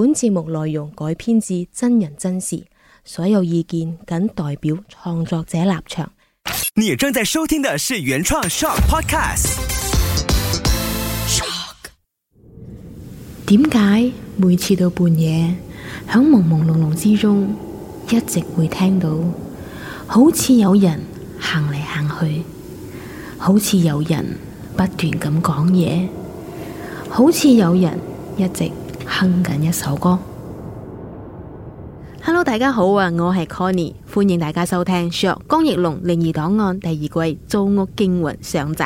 本節目內容改編自真人真事，所有意見僅代表創作者立場。你正在收聽的是原創 Shock Podcast。Shock，點解每次到半夜，響朦朦朧朧之中，一直會聽到，好似有人行嚟行去，好似有人不斷咁講嘢，好似有人一直。哼緊一首歌。Hello，大家好啊，我係 Connie，歡迎大家收聽《捉江奕龍靈異檔案》第二季《租屋驚魂》上集。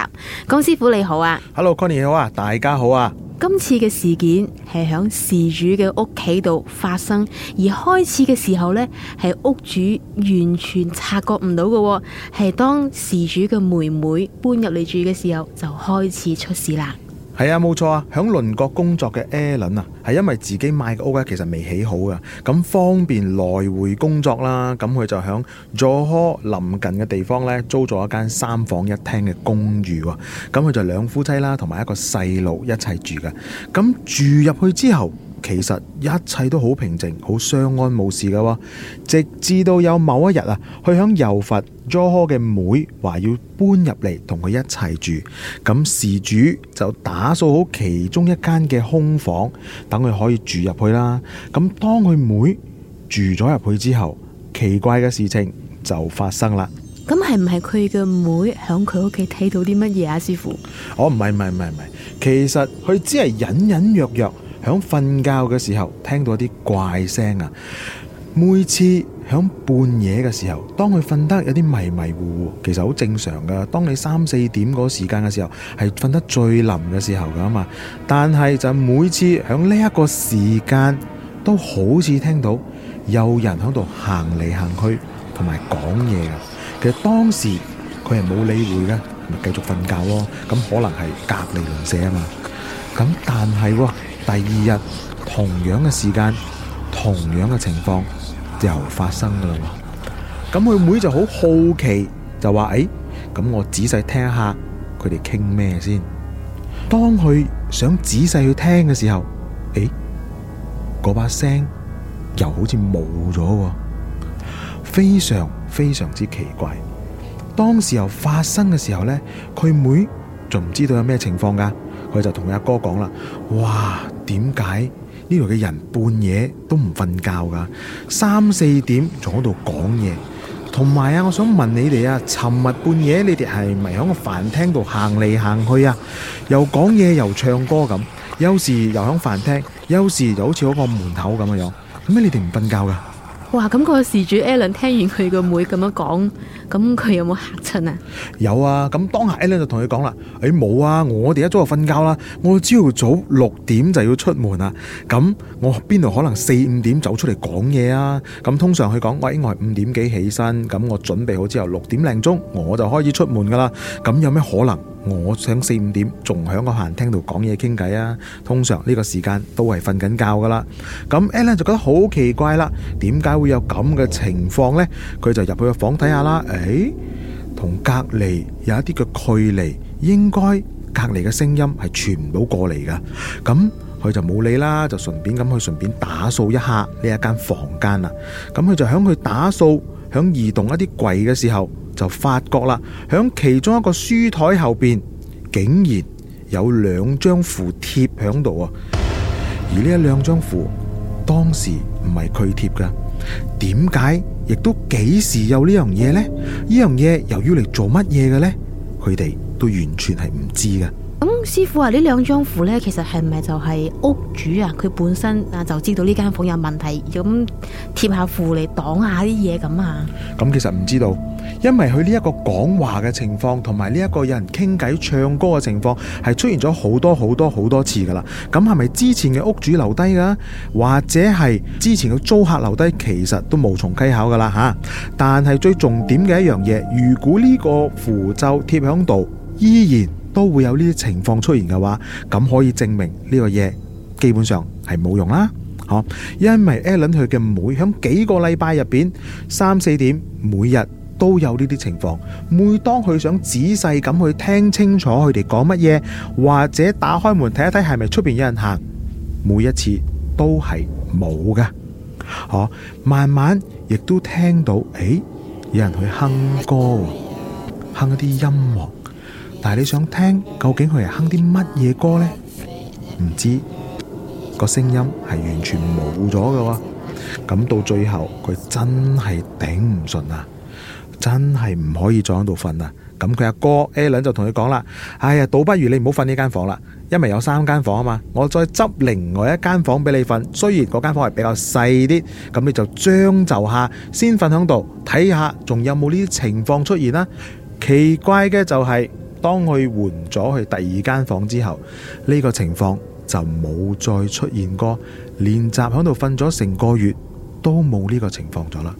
江師傅你好啊，Hello，Connie 你好啊，大家好啊。今次嘅事件係響事主嘅屋企度發生，而開始嘅時候呢，係屋主完全察覺唔到嘅，係當事主嘅妹妹搬入嚟住嘅時候就開始出事啦。係啊，冇錯啊！響鄰國工作嘅艾倫啊，係因為自己買嘅屋咧，其實未起好噶，咁方便來回工作啦，咁佢就響佐科臨近嘅地方咧，租咗一間三房一廳嘅公寓，咁佢就兩夫妻啦，同埋一個細路一齊住噶，咁住入去之後，其實一切都好平靜，好相安無事噶、哦。直至到有某一日啊，佢響游佛 Jojo、oh、嘅妹話要搬入嚟同佢一齊住，咁事主就打掃好其中一間嘅空房，等佢可以住入去啦。咁當佢妹,妹住咗入去之後，奇怪嘅事情就發生啦。咁係唔係佢嘅妹響佢屋企睇到啲乜嘢啊？師傅，我唔係唔係唔係，其實佢只係隱隱約約。響瞓覺嘅時候聽到啲怪聲啊！每次響半夜嘅時候，當佢瞓得有啲迷迷糊糊，其實好正常噶。當你三四點嗰時間嘅時候，係瞓得最冧嘅時候噶嘛。但係就每次響呢一個時間，都好似聽到有人喺度行嚟行去同埋講嘢啊！其實當時佢係冇理會噶，咪繼續瞓覺咯、啊。咁可能係隔籬鄰舍啊嘛。咁但係喎、啊。第二日同樣嘅時間，同樣嘅情況又發生噶啦。咁佢妹妹就好好奇，就話：誒、欸，咁我仔細聽下佢哋傾咩先。當佢想仔細去聽嘅時候，誒、欸，嗰把聲又好似冇咗，非常非常之奇怪。當時候發生嘅時候呢，佢妹仲唔知道有咩情況噶，佢就同佢阿哥講啦：哇！點解呢度嘅人半夜都唔瞓覺噶？三四點仲喺度講嘢，同埋啊，我想問你哋啊，尋日半夜你哋係咪喺個飯廳度行嚟行去啊？又講嘢又唱歌咁，有時又響飯廳，有時就好似嗰個門口咁嘅樣，咁咩你哋唔瞓覺噶？哇！咁個事主 Alan 聽完佢個妹咁樣講，咁佢有冇吓親啊？有啊！咁當下 Alan 就同佢講啦：誒，冇啊！我哋一早就瞓覺啦，我朝早六點就要出門啦。咁我邊度可能四五點走出嚟講嘢啊？咁通常佢講，喂，我係五點幾起身，咁我準備好之後六點零鐘我就開始出門噶啦。咁有咩可能？我響四五點，仲響個客廳度講嘢傾偈啊！通常呢個時間都係瞓緊覺噶啦。咁 Ellen 就覺得好奇怪啦，點解會有咁嘅情況呢？佢就入去個房睇下啦。誒、哎，同隔籬有一啲嘅距離，應該隔籬嘅聲音係傳唔到過嚟噶。咁佢就冇理啦，就順便咁去順便打掃一下呢一間房間啦。咁佢就響佢打掃，響移動一啲櫃嘅時候，就發覺啦，響其中一個書台後邊，竟然有兩張符貼喺度啊！而呢一兩張符，當時唔係佢貼噶，點解亦都幾時有呢樣嘢呢？呢樣嘢又要嚟做乜嘢嘅呢？佢哋都完全係唔知噶。師傅話呢兩張符呢，其實係咪就係屋主啊？佢本身啊就知道呢間房有問題，咁貼下符嚟擋下啲嘢咁啊？咁、嗯、其實唔知道，因為佢呢一個講話嘅情況，同埋呢一個有人傾偈唱歌嘅情況，係出現咗好多好多好多次噶啦。咁係咪之前嘅屋主留低噶？或者係之前嘅租客留低？其實都無從稽考噶啦吓。但係最重點嘅一樣嘢，如果呢個符咒貼響度，依然。都會有呢啲情況出現嘅話，咁可以證明呢個嘢基本上係冇用啦，吓，因為艾倫佢嘅妹響幾個禮拜入邊，三四點每日都有呢啲情況，每當佢想仔細咁去聽清楚佢哋講乜嘢，或者打開門睇一睇係咪出邊有人行，每一次都係冇㗎，吓，慢慢亦都聽到，誒，有人去哼歌，哼一啲音樂。但係你想聽，究竟佢係哼啲乜嘢歌呢？唔知個聲音係完全冇咗嘅喎。咁到最後，佢真係頂唔順啊！真係唔可以再喺度瞓啦。咁佢阿哥 Alan 就同佢講啦：哎呀，倒不如你唔好瞓呢間房啦，因為有三間房啊嘛。我再執另外一間房俾你瞓，雖然嗰間房係比較細啲，咁你就將就下先瞓響度睇下，仲有冇呢啲情況出現啦？奇怪嘅就係。當佢換咗去第二間房之後，呢、這個情況就冇再出現過。練習響度瞓咗成個月，都冇呢個情況咗啦。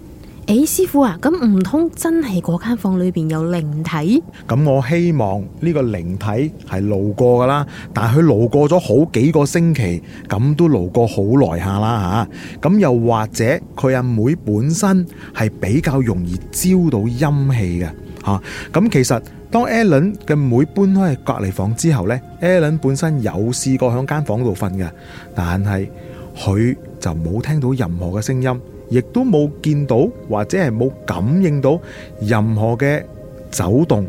誒、欸，師傅啊，咁唔通真係嗰間房裏邊有靈體？咁我希望呢個靈體係路過噶啦，但係佢路過咗好幾個星期，咁都路過好耐下啦吓。咁、啊啊啊、又或者佢阿妹本身係比較容易招到陰氣嘅吓，咁、啊啊嗯、其實。當 Ellen 嘅妹搬開隔離房之後咧，Ellen 本身有試過喺間房度瞓嘅，但係佢就冇聽到任何嘅聲音，亦都冇見到或者係冇感應到任何嘅走動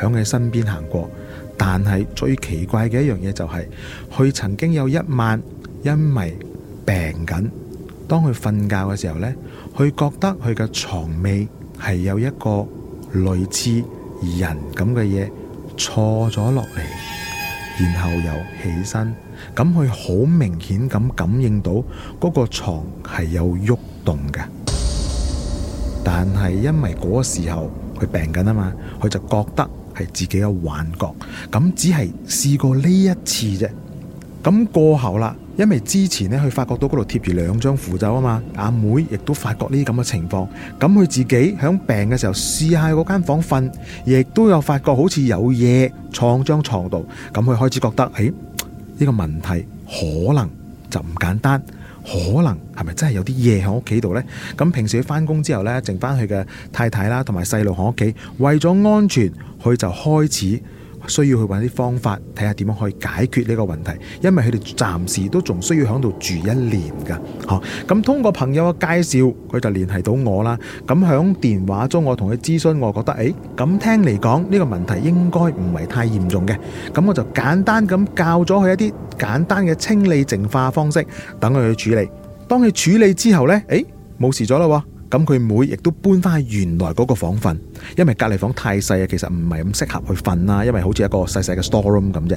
響佢身邊行過。但係最奇怪嘅一樣嘢就係、是、佢曾經有一晚因為病緊，當佢瞓覺嘅時候呢，佢覺得佢嘅床尾係有一個類似。人咁嘅嘢坐咗落嚟，然後又起身，咁佢好明顯咁感應到嗰個床係有喐動嘅，但係因為嗰個時候佢病緊啊嘛，佢就覺得係自己嘅幻覺，咁只係試過呢一次啫，咁過後啦。因為之前咧，佢發覺到嗰度貼住兩張符咒啊嘛，阿妹亦都發覺呢啲咁嘅情況，咁佢自己喺病嘅時候試下喺嗰間房瞓，亦都有發覺好似有嘢藏張牀度，咁佢開始覺得，誒，呢個問題可能就唔簡單，可能係咪真係有啲嘢喺屋企度呢？咁平時佢翻工之後呢，剩翻佢嘅太太啦，同埋細路喺屋企，為咗安全，佢就開始，需要去揾啲方法，睇下點樣可以解決呢個問題，因為佢哋暫時都仲需要喺度住一年㗎，咁通過朋友嘅介紹，佢就聯繫到我啦。咁喺電話中，我同佢諮詢，我覺得，誒，咁聽嚟講呢個問題應該唔係太嚴重嘅。咁我就簡單咁教咗佢一啲簡單嘅清理淨化方式，等佢去處理。當佢處理之後呢，誒「誒，冇事咗啦。咁佢妹亦都搬翻去原來嗰個房瞓，因為隔離房太細啊，其實唔係咁適合去瞓啦，因為好似一個細細嘅 store room 咁啫。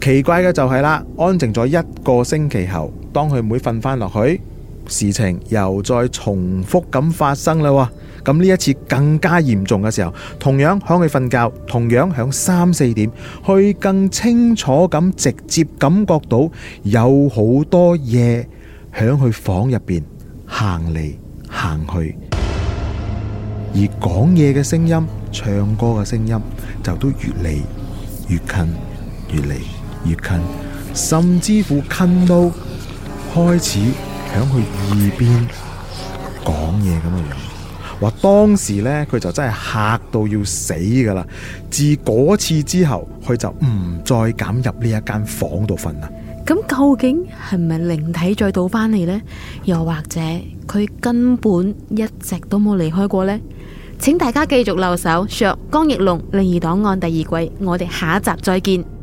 奇怪嘅就係啦，安靜咗一個星期後，當佢妹瞓翻落去，事情又再重複咁發生啦。咁呢一次更加嚴重嘅時候，同樣響佢瞓覺，同樣響三四點，佢更清楚咁直接感覺到有好多嘢響佢房入邊行嚟行去，而講嘢嘅聲音、唱歌嘅聲音，就都越嚟越近，越嚟越近，甚至乎近到開始響佢耳邊講嘢咁嘅樣。話當時呢，佢就真係嚇到要死噶啦。自嗰次之後，佢就唔再敢入呢一間房度瞓啦。咁究竟係咪靈體再倒返嚟呢？又或者佢根本一直都冇離開過呢？請大家繼續留守，上《江奕龍靈異檔案》第二季，我哋下一集再見。